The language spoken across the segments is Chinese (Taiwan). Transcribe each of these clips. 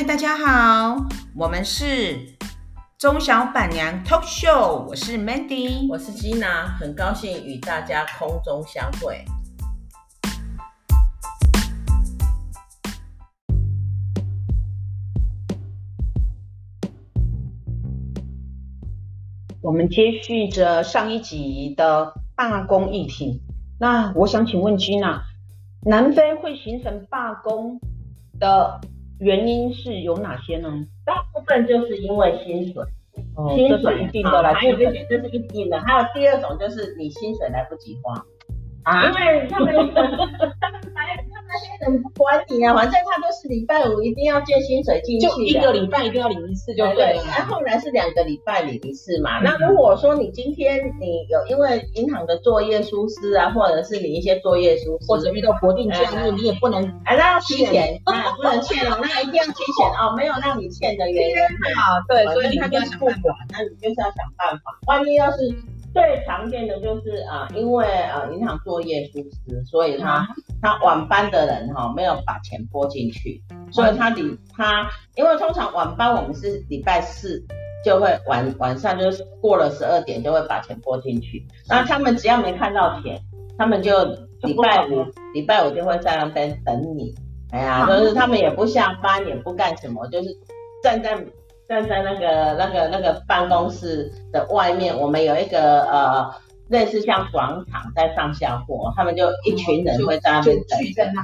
嗨，大家好，我們是中小板娘 Talk Show，我是 Mandy，我是 Gina，很高興與大家空中相會。我, Gina, 相會，我們接續着上一集的罷工議題，那我想請問 Gina，南非會形成罷工的？原因是有哪些呢？大部分就是因為薪水，哦、薪水一定都來，還有、哦、一定的、啊、就是一定的。還有第二種就是你薪水來不及花，啊，因為他們 那些人不管你啊，反正他都是禮拜五一定要見薪水進去、啊，就一個禮拜一定要領一次，就對了。那、哦啊、後來是兩個禮拜領一次嘛。嗯、那如果說你今天你有因為銀行的作業疏失啊，或者是你一些作業疏失，是或者遇到國定假日，哎、你也不能，哎哎、那要提前，那欠、哎、不能欠了， 那一定要提前啊，沒有讓你欠的原因，對，所以他就是不管，那你就是要想辦法。萬一要是。最常見的就是啊、呃，因為啊、呃、銀行作業疏失，所以他、啊、他晚班的人哈、哦、沒有把錢撥進去，所以他、嗯、他，因為通常晚班我們是禮拜四就會晚晚上就是過了十二點就會把錢撥進去，那是他們只要沒看到錢，他們就禮拜五禮拜五就會在那邊等你，哎呀，啊、就是他們也不下班、嗯、也不幹什麼，就是站在。站在那個、那個、那個辦公室的外面，我們有一個呃，類似像廣場在上下貨，他們就一群人會在那邊等。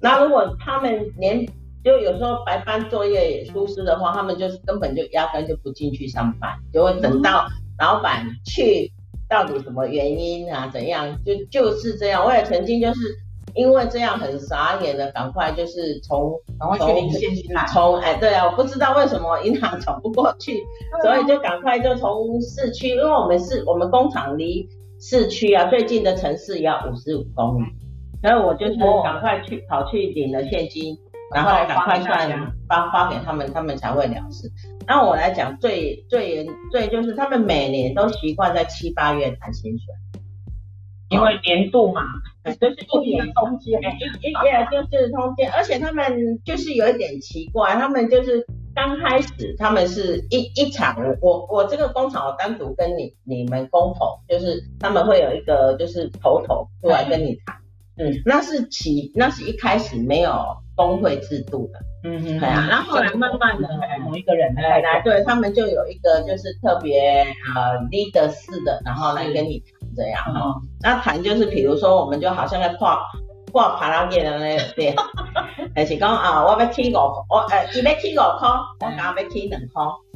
那、嗯、如果他們連就有時候白班作業也出事的話，嗯、他們就是根本就壓根就不進去上班，就會等到老闆去、嗯、到底什麼原因啊？怎樣？就就是這樣。我也曾經就是。嗯因為這樣很傻眼的，趕快就是從趕快去領現金從哎，對啊，我不知道為什麼銀行轉不過去，啊、所以就趕快就從市區，因為我們市我們工廠離市區啊最近的城市也要五十五公里、嗯，所以我就是趕快去跑去領了現金，嗯、然後趕快算發給發給他們，他們才會了事。那我來講最最嚴最就是他們每年都習慣在七八月談薪水，因為年度嘛。就是一些東西，哎，一些就是空間。而且他們就是有一點奇怪，他們就是剛開始，他們是一一場，我我這個工廠我單獨跟你你們工頭，就是他們會有一個就是頭頭出來跟你談，嗯，那是起，那是一開始沒有工會制度的，嗯嗯，對啊，然後後來慢慢的，同一個人，本來對他們就有一個就是特別呃 leader 似的，然後來跟你。這樣哈，那談就是，比如說我們就好像在掛掛卡拉 OK 的那，對，還是講啊，我要聽五，我呃，你來聽兩曲，我講要聽兩曲，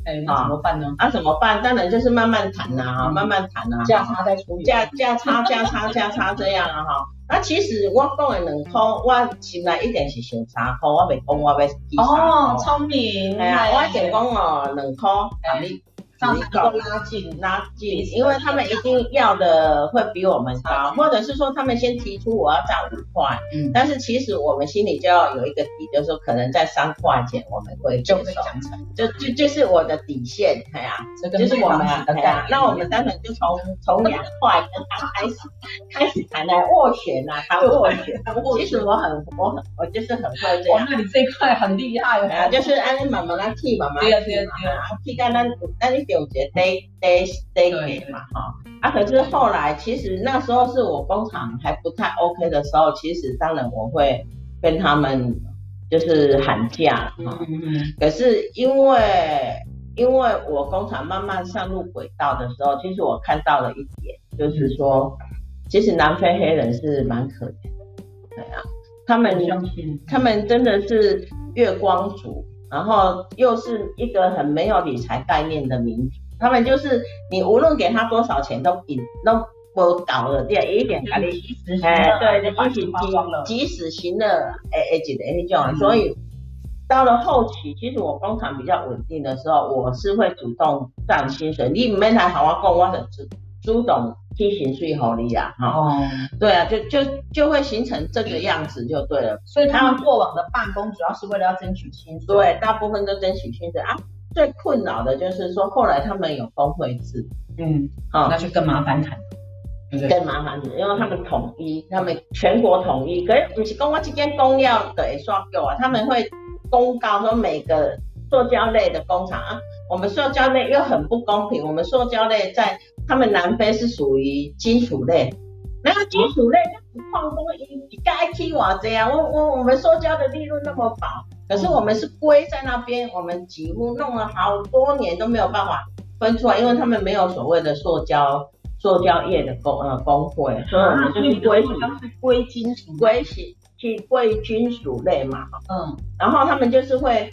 哎，那怎麼辦呢？啊，怎麼辦？當然就是慢慢談吶，慢慢談呐，價差再處理價價差價差價差這樣啊哈。那其實我講的兩個，我心裡一定是想三個，我沒講我要哦，聰明。我只講哦，兩個啊你。提高拉近拉近，因為他們一定要的會比我們高，或者是說他們先提出我要漲五塊，但是其實我們心裡就要有一個底，就是說可能在三塊錢我們會就收成，就就就是我的底線，哎呀，就是我們啊，那我們當然就從從兩塊跟他開始開始談來斡旋吶，他斡旋，其實我很我很我就是很會這樣，那你這塊很厲害啊，就是安安媽媽來替媽媽對啊對啊對啊，剃干那那你我覺得 day day day 嘛，哈啊，可是後來其實那時候是我工廠還不太 OK 的時候，其實當然我會跟他們就是喊價，啊嗯，嗯，可是因為因為我工廠慢慢上路軌道的時候，其實我看到了一點，就是說，其實南非黑人是蠻可憐的，對啊，他們相信他們真的是月光族。然後又是一個很沒有理財概念的民族，他們就是你無論給他多少錢都一都不搞得第二一點概念，哎、嗯，對的，即時行樂，即即時行樂的，哎哎、欸，就那種，所以到了後期，其實我工廠比較穩定的時候，我是會主動漲薪水，你們免來同我講，我很知。朱董，進行稅合理啊，哦，對啊，就就就會形成這個樣子就對了。嗯、所以他們過往的罷工主要是為了要爭取薪水，對，大部分都爭取薪水啊。最困擾的就是說，後來他們有工會制，嗯，好，那就更麻煩了，哦、更麻煩了，因為他們統一，他們全國統一，可是不是公關這間，公要對刷夠啊，他們會公告說每個塑膠類的工廠啊，我們塑膠類又很不公平，我們塑膠類在。他們南非是屬於金屬類，那個金屬類就是礦工一該批我這樣，我我我們塑膠的利潤那麼薄，可是我們是歸在那邊，我們幾乎弄了好多年都沒有辦法分出來，因為他們沒有所謂的塑膠塑膠業的工呃工會，所以、嗯、就是歸歸金屬歸去歸金屬類嘛，嗯，然後他們就是會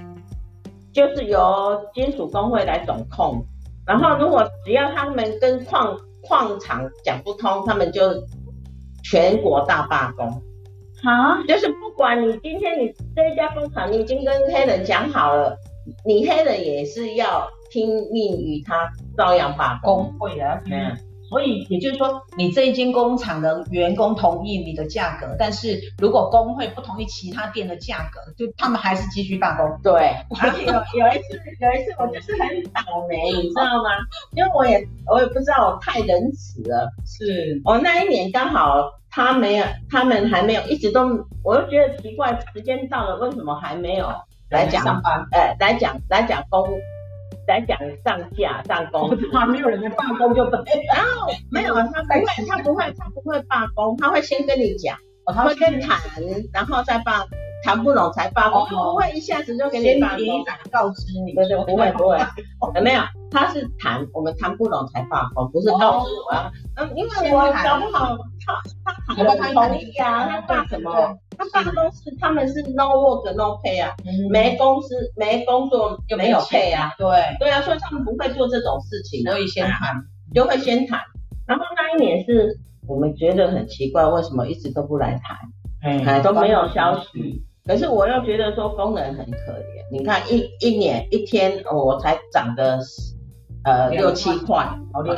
就是由金屬工會來總控。然後，如果只要他們跟礦礦場講不通，他們就全國大罷工。好哈，就是不管你今天你這一家工廠，你已經跟黑人講好了，你黑人也是要聽命於他，照樣罷工。對呀、啊，嗯所以也就是說，你這一間工廠的員工同意你的價格，但是如果工會不同意其他店的價格，就他們還是繼續罷工。對，啊、有有一次，有一次我就是很倒霉， 你知道嗎？ 因為我也我也不知道，我太仁慈了。是，我那一年剛好他沒有，他們還沒有，一直都，我就覺得奇怪，時間到了為什麼還沒有來講？誒，來講來講工。在講上架、上工，他沒有人罷工就走。然後沒有啊，他不會，他不會，他不會罷工，他會先跟你講，會跟談，然後再罷，談不攏才罷工，不會一下子就給你直接告知你，不會，不會，有沒有？他是談，我們談不攏才罷工，不是告訴我啊，嗯，因為我搞不好，他他談不攏呀，他罷什麼？他辦公室他們是 no work no pay 啊，沒公司，沒工作，沒有 pay 啊，對，對啊，所以他們不會做這種事情，所以先談，就會先談。然後那一年是我們覺得很奇怪，為什麼一直都不來談，都沒有消息。可是我又覺得說工人很可憐，你看一一年一天我才漲的呃六七塊，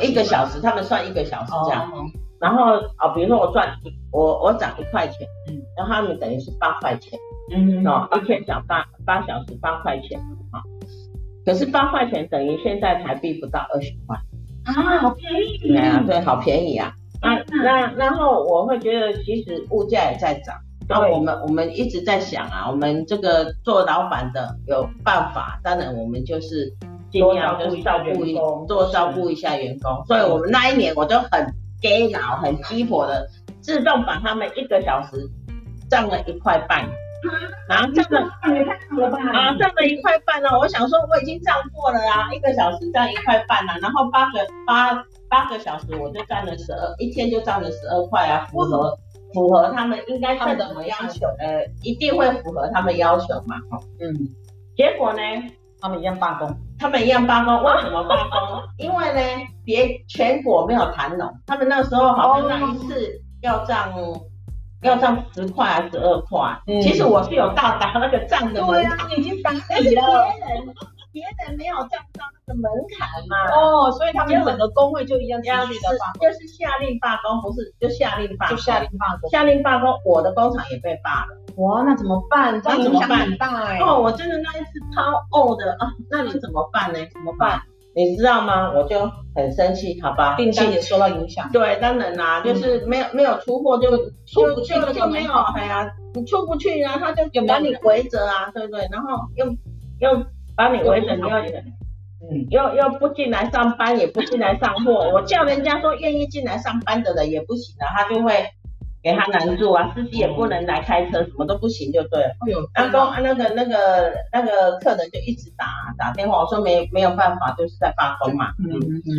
一個小時，他們算一個小時這樣。然後啊、哦，比如說我賺我我漲一塊錢，嗯，然後他們等於是八塊錢，嗯哦錢，哦，一天小八八小時八塊錢，啊，可是八塊錢等於現在台幣不到二十塊，啊，好便宜，啊、嗯，對，好便宜啊，啊那、嗯、那然後我會覺得其實物價也在漲，那對我們我們一直在想啊，我們這個做老板的有辦法，當然我們就是儘量顧照顧一多照顧一下員工，所以我們那一年我就很。給腦很激活的，自動把他們一個小時占了一塊半，然後占了，一塊半了啊，占了一塊半了，哦，我想說我已經占過了啊，一個小時占一塊半了，啊，然後八個八八個小時我就占了十二，一天就占了十二塊啊，符合符合他們應該怎麼要求？呃、欸，一定會符合他們要求嘛？哈，嗯，嗯，結果呢？他們一樣罷工，他們一樣罷工，為什麼罷工？ 因為呢，別全國沒有談攏、喔。他們那時候好像那一次要漲，哦、要漲十塊還是十二塊？嗯、其實我是有到達那個漲的，對呀、啊，已經達底了。別人沒有占到那個門檻嘛？哦，所以他們整個工會就一樣，壓力的話就是下令罷工。不是就下令罷就下令罷工，下令罷工，我的工廠也被罷了。哇，那怎麼辦？那怎麼辦哦，我真的那一次超嘔的啊！那你怎麼辦呢、欸？怎麼辦、啊？你知道嗎？我就很生氣，好吧？訂單也受到影響。對，當然啦、啊，就是沒有、嗯、沒有出貨，就出不去了就沒有。哎呀、啊，你出不去啊，他就有把你回則啊，對不對，對？然後又又。用幫你維持，又嗯，又又不進來上班，也不進來上貨。 我叫人家說願意進來上班的人也不行啊，他就會給他難住啊，司機、嗯、也不能來開車，嗯、什麼都不行，就對了。呦、啊，阿那個那個那個客人就一直打打電話，我說沒沒有辦法，就是在發瘋嘛。嗯對嗯，對嗯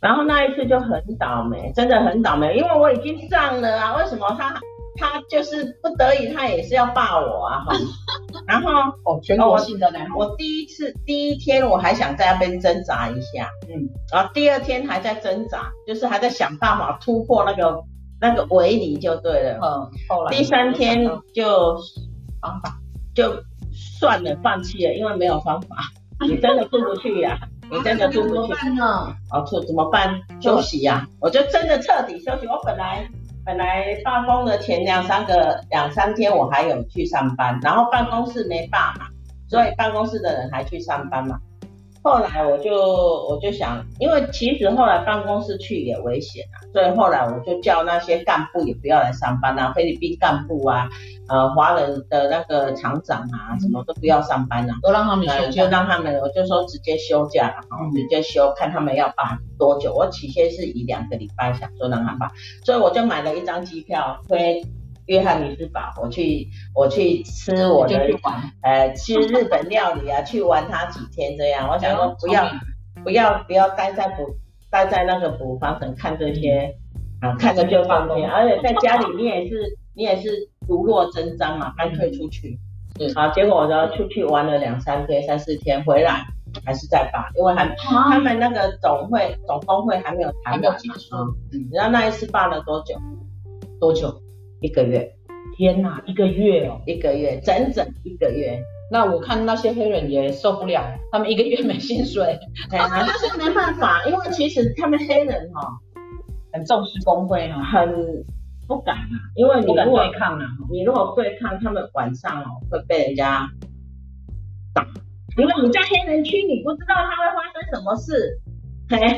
然後那一次就很倒霉，真的很倒霉，因為我已經上了啊，為什麼他？他就是不得已，他也是要霸我啊，嗯、 然後哦，全國性、哦、的呢。我第一次第一天我還想在那邊掙扎一下，嗯，然後第二天還在掙扎，就是還在想辦法突破那個那個圍籬就對了。嗯，後來第三天就方法、嗯啊、就算了，放棄了，因為沒有方法， 你真的出不去呀，、啊，啊、你真的出不去。啊，出、哦、怎麼辦？休息呀，、啊，嗯、我就真的徹底休息。我本來。本來罷工的前兩三個兩三天，我還有去上班，然後辦公室沒罷嘛，所以辦公室的人還去上班嘛。後來我就我就想，因為其實後來辦公室去也危險啊，所以後來我就叫那些幹部也不要來上班啊，菲律賓幹部啊，呃，華人的那個廠長啊，嗯、什麼都不要上班了，啊，都讓他們休，就讓他們，我就說直接休假，然後直接休，嗯、看他們要辦多久，我起先是一兩個禮拜想說讓他們辦，所以我就買了一張機票飛。約翰尼斯堡，我去我去吃我的，我去呃，吃日本料理啊， 去玩他幾天這樣。我想說不要 不要不要待在補 待在那個補發城看這些啊，嗯、看着就放心。 而且在家裡面也是你也是如坐針氈嘛，乾脆出去。嗯，好、啊，結果我就出去玩了兩三天、三四天，回來還是在罷，因為還、啊、他們那個總會總工會還沒有談完沒有結束、嗯。你知道那一次罷了多久？多久？一個月，天哪，一個月哦，一個月，整整一個月。那我看那些黑人也受不了，他們一個月沒薪水，哎、嗯 哦、但是沒辦法，因為其實他們黑人哈、哦，很重視工會啊，很不敢啊，因為你如果不對抗啊，你如果對抗，他們晚上哦會被人家打，因為你在黑人區，你不知道他會發生什麼事。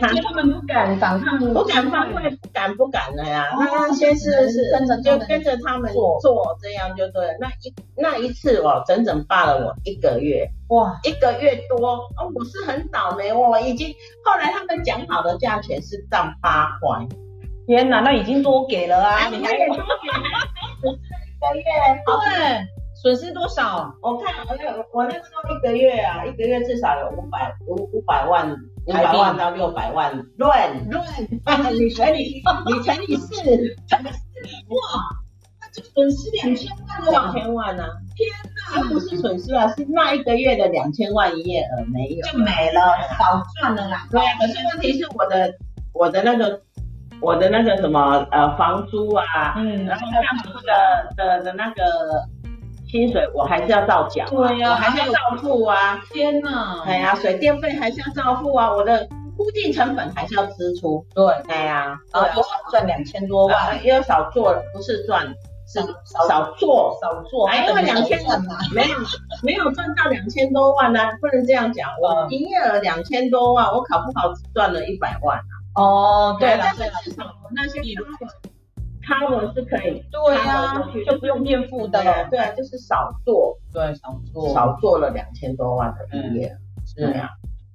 他們不敢反抗，不敢發，不敢不敢的呀。那先是是，就跟着他們做做，這樣就對。那一那一次我整整罷了我一個月，哇，一個月多。哦，我是很倒霉，我已經後來他們講好的價錢是漲八塊，天哪，那已經多給了啊，你還多給一個月？對，損失多少？我看我我那個時候一個月啊，一個月至少有五百五五百萬。五百萬到六百萬，亂亂，你乘以你乘以、嗯、四個，哇，那就損失兩千萬了，兩千萬呢、啊？天吶哪，它不是損失了，是那一個月的兩千萬營業額沒有，就沒了，少賺了啦。了啦對、啊、可,可是問題是我的我的那個我的那個什麼呃房租啊，嗯，然後幹、那、嘛、個、的的的那個。薪水我還是要照繳，我還是要照付啊！天哪！哎呀，水電費還是要照付啊！我的固定成本還是要支出。對，哎呀，我就少賺兩千多萬，又少做了，不是賺，是少做少做。哎，因為兩千萬嘛，沒有沒有賺到兩千多萬呢，不能這樣講。我營業額兩千多萬，我考不好只賺了一百萬哦，對了對那些你如果。他們是可以，對啊就，就不用墊付的，對啊，就是少做，對，少做，少做了兩千多萬的營業額是這樣，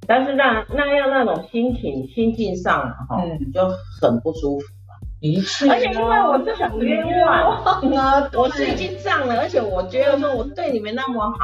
但是那那樣那種心情心境上哈，嗯、就很不舒服一次，而且因為我是很冤枉啊，嗯、我是已經漲了，嗯、而且我覺得說我對你們那麼好。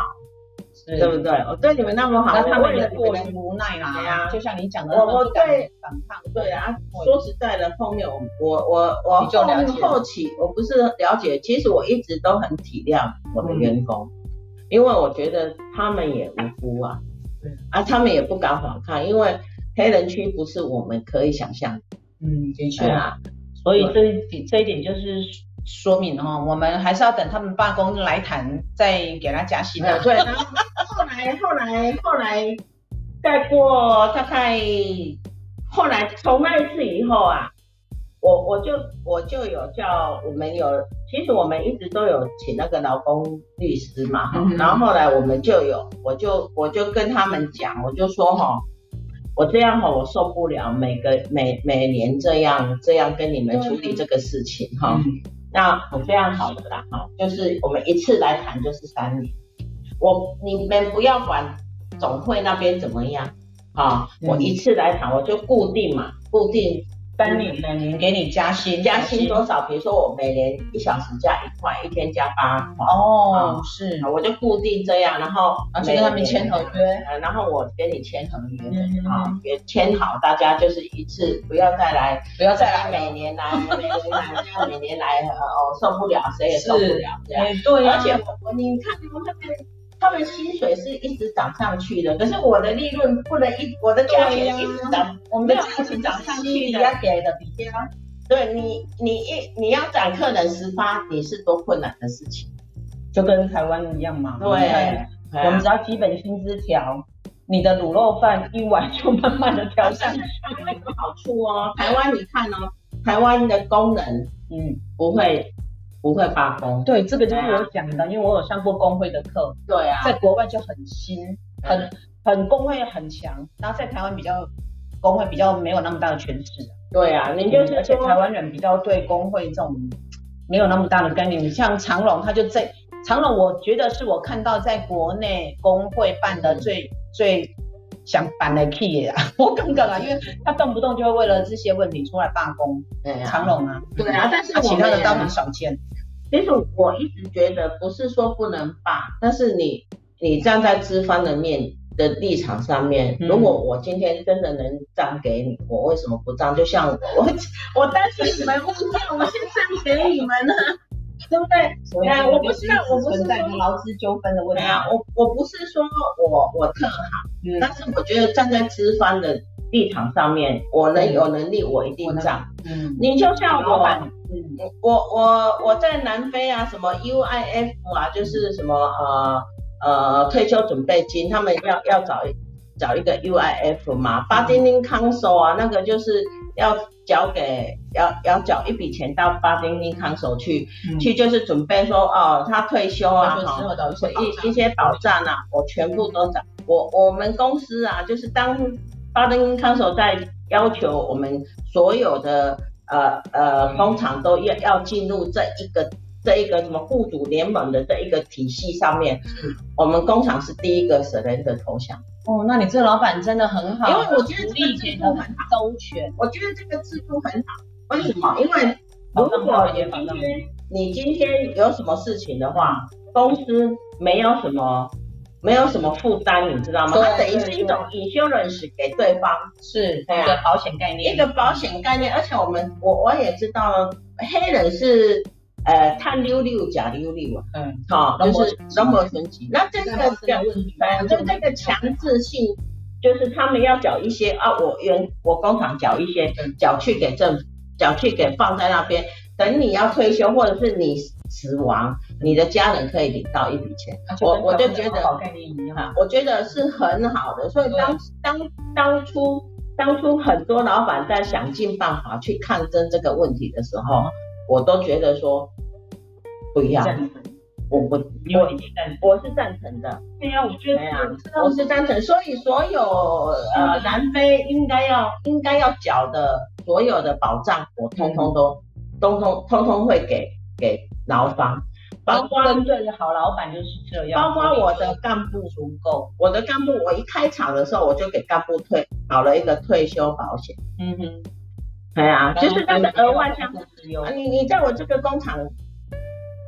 對不對，對？我對，對，對，對你們那麼好，那他們也過於無奈了啊，就像你講的，我我敢反抗，對啊。對對對，說實在的，後面題我我我我後後期了了我不是了解，其實我一直都很體諒我的員工，嗯，因為我覺得他們也無辜啊，對啊，他們也不敢反抗，因為黑人區不是我們可以想象，嗯，的確啊。所以這這一點就是。說明哦，我們還是要等他們罷工來談，再給他加薪的。對，然後、啊、 後來後來後來，再過大概後來從那一次以後啊，我我就我就有叫我們有，其實我們一直都有請那個勞工律師嘛。嗯、哼然後後來我們就有，我就我就跟他們講，我就說哈、哦，我這樣哈、哦，我受不了，每個每每年這樣這樣跟你們處理這個事情哈。對嗯那我非常好的啦，哈，就是我們一次來談就是三年，我你們不要管總會那邊怎麼樣，啊、嗯，我一次來談我就固定嘛，固定。每年每年給你加薪，加薪多少？比如說我每年一小時加一塊，一天加八塊。哦，是，我就固定這樣，然後去跟他們簽合約，然後我跟你簽合約，好，也簽好，大家就是一次，不要再來，不要再來每年來，每年來，這樣每年來，呃，受不了，誰也受不了，這樣。對，而且我你看你們那他們薪水是一直漲上去的，可是我的利潤不能一，我的價錢一直漲，啊、我們的價錢漲上去給的比較，對你，你一你要漲客人十八，你是多困難的事情，就跟台灣一樣嘛，對、啊，對啊、我們只要基本薪資調，你的滷肉飯一碗就慢慢的調上去，它。 什麼有好處哦，台灣你看哦，台灣的工人，嗯，不會。不會罷工。對，這個就是我講的，因為我有上過工會的課。對啊，在國外就很新，很很工會很強，然後在台灣比較工會比較沒有那麼大的權勢。對啊，你就是、嗯、而且台灣人比較對工會這種沒有那麼大的概念。你像長榮，他就在長榮我覺得是我看到在國內工會辦的最最。嗯想板的企業啊，我剛剛啊，因為他動不動就會為了這些問題出來罷工，長隆啊，啊對啊，但是、啊啊、其他的都很少見。其實我一直覺得不是說不能罷，但是你你站在資方的面的立場上面，嗯、如果我今天真的能漲給你，我為什麼不漲？就像我我，我擔心你們不漲， 我先漲給你們呢、啊。對不對？哎對，我不知道，我不是說勞資糾紛的問題啊，我我不是說我我特好，嗯、但是我覺得站在資方的立場上面，嗯、我能有能力，我一定漲嗯，你就像我後、嗯、我我我在南非啊，什麼 UIF 啊，就是什麼呃呃退休準備金，他們要要找找一個 UIF 嘛，Bargaining Council 啊，那個就是。要繳給要要繳一筆錢到巴丁丁康首去，嗯、去就是準備說哦，他退休啊，所以，嗯、好一些保障啊，對我全部都繳。我我們公司啊，就是當巴丁丁康首在要求我們所有的呃呃工廠都要要進入這一個，嗯、這一個什麼僱主聯盟的這一個體系上面，嗯、我們工廠是第一個捨得的投降。哦，那你這個老闆真的很好，因為我覺得這個制度很好，周全。我覺得這個制度很好，為什麼？因為如果今天你今天有什麼事情的話，嗯、公司沒有什麼、嗯、沒有什麼負擔，你知道嗎？它的等於是一種 insurance 給對方是對、啊、對，一個保險概念，一個保險概念。而且我們我我也知道，黑人是。呃，碳溜溜假溜溜啊，嗯，好，就是那麼神奇。那這個叫反正這個強制性，就是他們要繳一些啊，我原我工廠繳一些繳去給政府，繳去給放在那邊，等你要退休或者是你死亡，你的家人可以領到一筆錢。我我就覺得，我覺得是很好的。所以當當當初當初很多老闆在想盡辦法去抗爭這個問題的時候，我都覺得說。不一樣，我我我是贊成的，對呀，我覺得我是贊成。所以所有呃，南非應該要應該要繳的所有的保障，我通通都通通通通會給給勞方，包括對好老闆就是這樣，包括我的幹部足夠，我的幹部我一開廠的時候我就給幹部退搞了一個退休保險，嗯哼，哎呀，就是他是額外項目使用。你你在我這個工廠。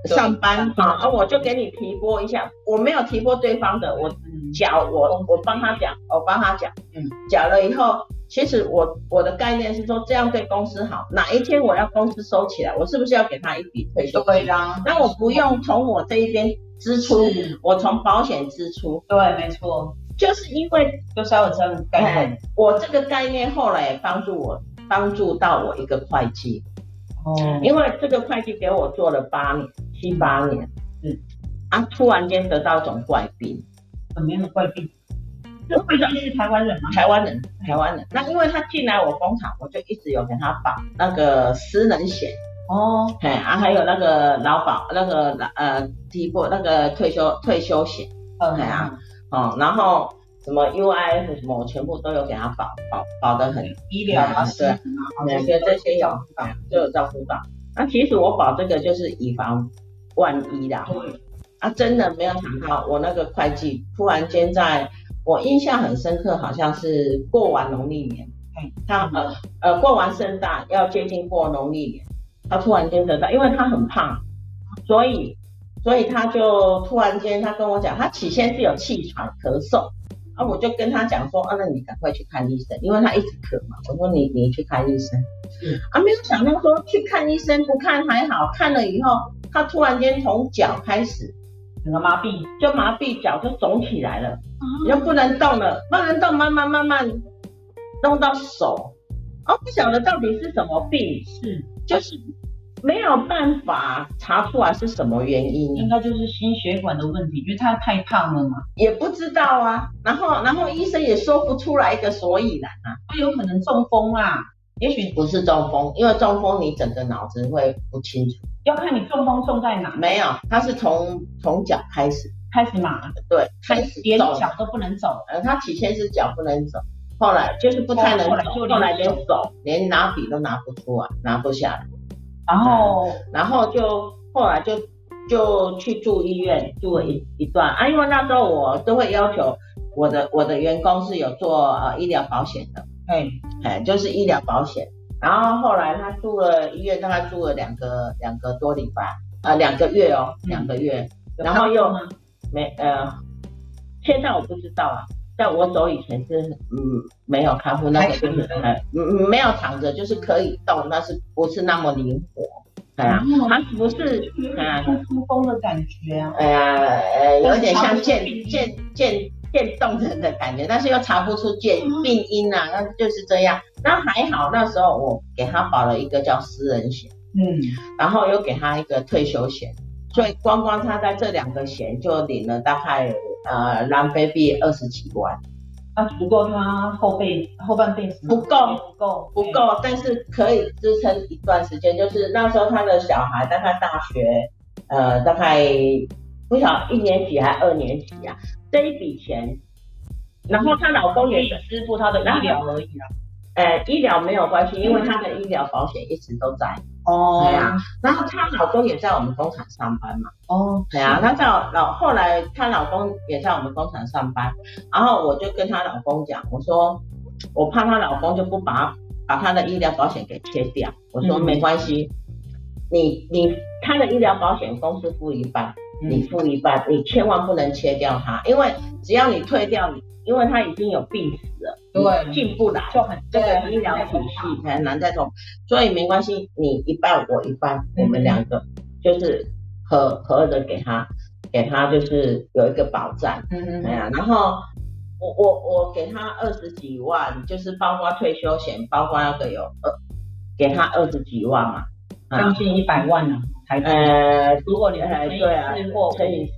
上班啊，那我就給你提撥一下。我沒有提撥對方的，我繳，我我幫他繳，我幫他繳。嗯，繳了以後，其實我我的概念是說，這樣對公司好。哪一天我要公司收起來，我是不是要給他一筆退休金？對的。那我不用從我這一邊支出，我從保險支出。對，沒錯。就是因為就稍微這樣概念，我這個概念後來也幫助我幫助到我一個會計。哦。因為這個會計給我做了八年。七八年，嗯，啊，突然間得到一種怪病，什麼樣的怪病？這會是台灣人嗎？台灣人，台灣人。那因為他進來我工廠，我就一直有給他保那個私人險。哦嘿，啊，還有那個勞保，那個呃提過那個退休退休險，嗯，嘿，啊，嗯，然後什麼 UIF 什麼，我全部都有給他保保保得很。醫療啊，對，這些這些有，就有照顧到。那其實我保這個就是以防。萬一啦，嗯、啊，真的沒有想到，我那個會計突然間，在我印象很深刻，好像是過完農曆年，嗯、他呃呃過完聖誕，要接近過農曆年，他突然間得到，因為他很胖，所以所以他就突然間他跟我講，他起先是有氣喘咳嗽，啊，我就跟他講說，啊，那你趕快去看醫生，因為他一直咳嘛，我說你你去看醫生，嗯、啊，沒有想到說去看醫生不看還好，看了以後。他突然間從腳開始，整個麻痹，就麻痹腳就腫起來了，啊、又不能動了，不能動，慢慢慢慢弄到手，我不曉得到，到底是什麼病，是就是沒有辦法查出來是什麼原因，應該就是心血管的問題，因為他太胖了嘛，也不知道啊，然後然後醫生也說不出來一個所以然啊，他有可能中風啦、啊。也許不是中風，因為中風你整個腦子會不清楚。要看你中風中在哪？沒有，他是從從腳開始開始麻的。對，開始。開始對連腳都不能走。呃、嗯，他起先是腳不能走，後來就是不太能走，後來，就後來就連手，連拿筆都拿不出啊，拿不下來。然後、嗯、然後就後來就就去住醫院住了一一段啊，因為那時候我都會要求我的我的員工是有做呃醫療保險的。哎哎就是醫療保險。然後後來他住了醫院，一月大概住了兩個兩個多禮拜，呃，兩個月哦，嗯、兩個月。嗎然後又沒呃，現在我不知道啊。但我走以前是嗯，沒有康復那個就是嗯嗯，沒有躺着就是可以動，但是不是那麼靈活。哎呀後，他、嗯、不是啊，嗯、出風的感覺啊。哎呀、呃呃呃呃，有點像漸漸漸。漸凍人的感覺，但是又查不出病，嗯、病因啊，那就是這樣。那還好，那時候我給他保了一個叫私人險，嗯，然後又給他一個退休險，所以光光他在這兩個險就領了大概呃人民幣二十幾萬，那足夠他後背後半輩子，不夠不夠不夠，但是可以支撐一段時間。就是那時候他的小孩大概大學，呃，大概。不曉得，一年級還二年級啊？這一筆錢，然後她老公也是支付她的醫療而已啊。哎、欸，醫療沒有關係，因為她的醫療保險一直都在。哦。對呀、啊。然後她老公也在我們工廠上班嘛。哦。對啊。她老老後來她老公也在我們工廠上班，然後我就跟她老公講，我說我怕她老公就不把把她的醫療保險給切掉。我說沒關係、嗯，你你他的醫療保險公司付一半。你付一半，你千萬不能切掉它，因為只要你退掉你，因為它已經有病史了，對，進不來就很這個醫療體系很難再從，對所以沒關係，你一半我一半，嗯、我們兩個就是合合的給他，給他就是有一個保障，嗯、哼對啊，然後我我我給他二十幾萬，就是包括退休險，包括那個有，給他二十幾萬嘛。將近一百萬啊，台呃，如果你台對啊，乘以四，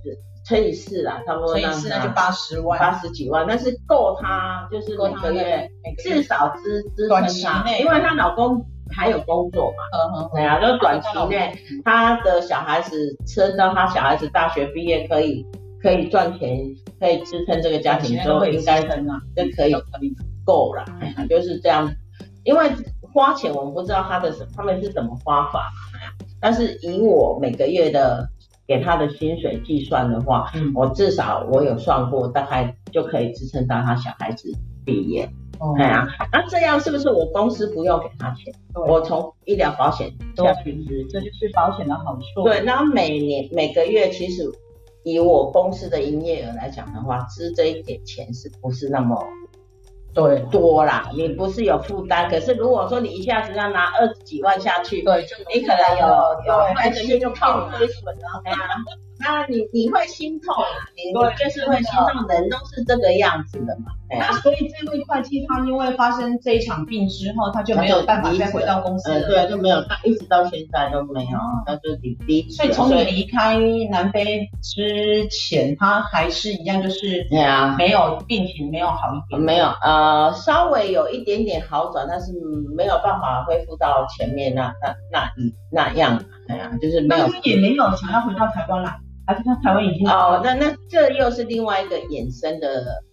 乘以四啦，差不多。乘以四那就八十萬，八十幾萬。但是夠他，就是每個月至少支支撐他，因為她老公還有工作嘛。嗯嗯對啊，就是短期內，他的小孩子撐到他小孩子大學畢業，可以可以賺錢，可以支撐這個家庭，應該應該能啊，就可以夠了。就是這樣，因為。花錢我們不知道他的什麼他們是怎麼花法，但是以我每個月的給他的薪水計算的話，嗯、我至少我有算過，大概就可以支撐到他小孩子畢業。哎呀、嗯，那、啊啊、這樣是不是我公司不用給他錢？對我從醫療保險要去支，這就是保險的好處。對，那每年每個月其實以我公司的營業額來講的話，支這一點錢是不是那麼、嗯？對，多啦，你不是有負擔，可是如果說你一下子要拿二十幾萬下去，嗯、對，你可能有，對有，有，有，有就泡虧損了，哎對。那你你會心痛，對你就是會心痛，人都是這個樣子的嘛。對那所以這位會計他因為發生這一場病之後，他就沒有辦法再回到公司，呃、對、啊，就沒有，他一直到現在都沒有，他就離，所以從你離開南非之前，以他還是一樣，就是對啊，沒有病情、啊、沒有病情沒有好一點，沒有，呃，稍微有一點點好轉，但是沒有辦法恢復到前面那那那那那樣，哎呀、啊，就是沒有也沒有想要回到台灣來。還是他台灣已經哦，那那這又是另外一個衍生的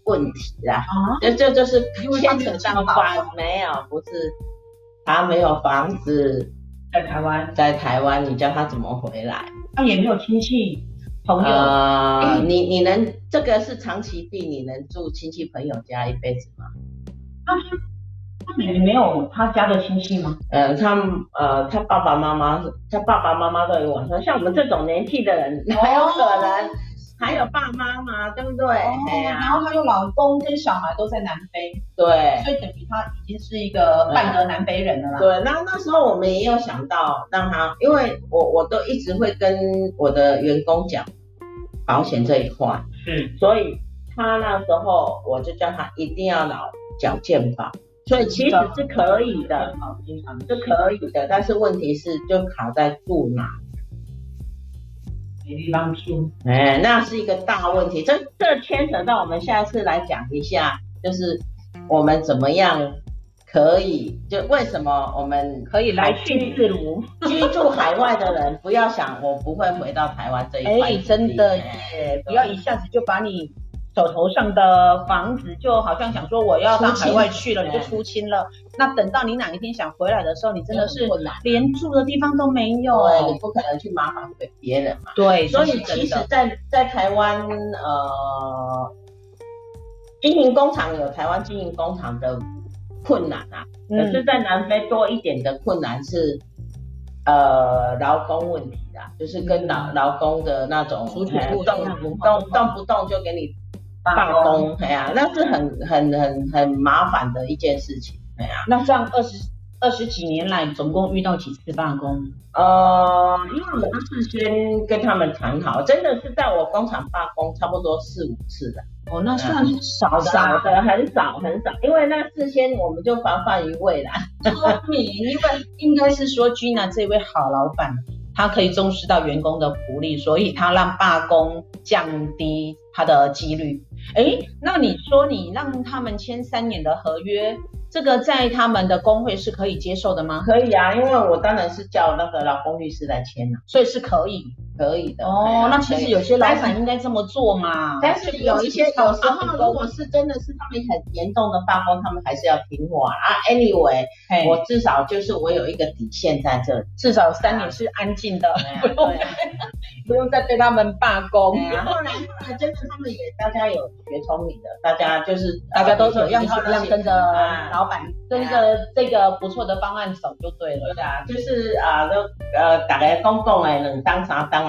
問題啦。啊，這這就，就，就是牽扯上房沒有，不是？他沒有房子在台灣，在台灣，你叫他怎麼回來？他、啊、也沒有親戚朋友。呃欸、你你能這個是長期病，你能住親戚朋友家一輩子嗎？啊你沒有他家的親戚嗎？呃，他呃，他爸爸媽媽，他爸爸媽媽都有我說，像我們這種年紀的人，還、哦、有可能，還有爸媽嗎？是對不對？哦對啊、然後還有老公跟小孩都在南非，對，所以等於他已經是一個半個南非人了啦。嗯、對，那那時候我們也有想到讓他，因為我我都一直會跟我的員工講保險這一塊，嗯是，所以他那時候我就叫他一定要老繳健保。所以其實是可以的，好、嗯，是可以的，但是問題是就卡在住哪，別哎、欸，那是一個大問題，這這牽扯到我們下次來講一下，就是我們怎麼樣可以，嗯、就為什麼我們可以來去自如，居住海外的人 不要想我不會回到台灣這一塊、欸，真的，欸、對不要一下子就把你。手頭上的房子就好像想說，我要到海外去了，出清，你就出清了。嗯、那等到你哪一天想回來的時候，你真的是連住的地方都沒有、欸。對，你不可能去麻煩別人嘛。對，所以，所以其實在，在在台灣呃，經營工廠有台灣經營工廠的困難啊。嗯、可是，在南非多一點的困難是呃勞工問題啦、啊，就是跟勞勞工的那種出、嗯、動不動動動不動就給你。罷工，哎呀工、啊，那是很很很很麻煩的一件事情，哎呀、啊，那這樣二十二十幾年來，總共遇到幾次罷工？呃，因為我事先跟他們談好，真的是在我工廠罷工差不多四五次的。哦，那算是少少的，啊、少的少的很少很少，因為那事先我們就防範於未然。說你， 因為應該是說 Gina 這位好老板，他可以重視到員工的福利，所以他讓罷工降低他的幾率。哎，那你說你讓他們簽三年的合約，這個在他們的工會是可以接受的嗎？可以啊，因為我當然是叫那個勞工律師來簽了，所以是可以。可以的哦，那其實有些老闆應該這麼做嘛。但是有一些有時候，如果是真的是他們很嚴重的罷工，他們還是要聽話啊。Anyway，我至少就是我有一個底線在這裡，至少三年是安靜的，不用不用再被他們罷工。然後呢，真的他們也，大家有學聰明的，大家就是大家都是一樣跟着老闆，跟着這個不錯的方案走就對了。對的，就是啊，都呃，大家公公來能當啥當。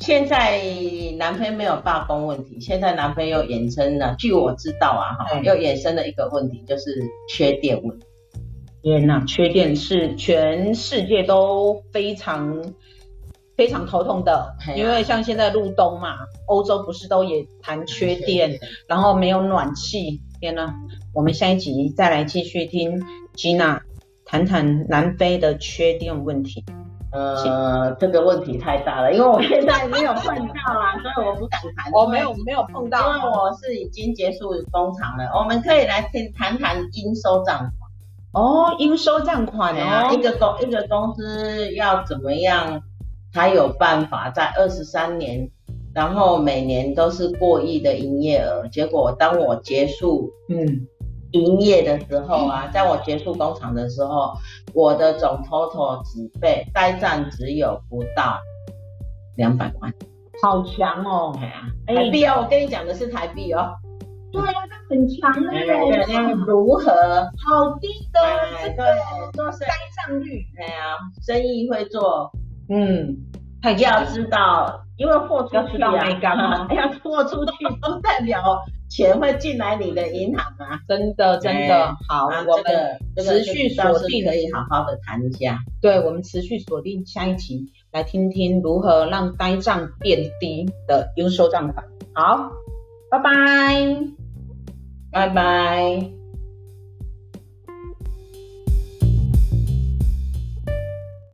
現在南非沒有罷工問題，現在南非又衍生了，據我知道啊，哈、嗯，又衍生了一個問題，就是缺電問題。天吶，缺電是全世界都非常對非常頭痛的，對啊，因為像現在入冬嘛，歐洲不是都也談缺電，缺電然後沒有暖氣。天吶，我們下一集再來繼續聽吉娜談談南非的缺電問題。請呃，這個問題太大了，因為我現在沒有碰到啊， 所以我不敢談。我沒有沒有碰到，哦，因為我是已經結束工廠了。我們可以來談談談應收賬款。哦，應收賬款啊，哦，嗯，一個公一個公司要怎麼樣，才有辦法在二十三年，然後每年都是過億的營業額？結果當我結束，嗯。營業的時候啊，在我結束工廠的時候，我的總 total 淨費呆賬只有不到兩百萬，好強哦！哎呀，台幣哦，我跟你講的是台幣哦。對啊，這很強的哦。如何？好低的這個呆賬率。哎呀，生意會做，嗯，他要知道，因為貨出去啊。哎要貨出去都代表。錢會進來你的銀行嗎？啊？真的，真的，欸、好，這個，我們持續鎖定，可以好好的談一下。這個這個，對我們持續鎖定，下一期來聽聽如何讓呆賬變低的優秀收賬法。好，拜拜，拜拜。拜拜。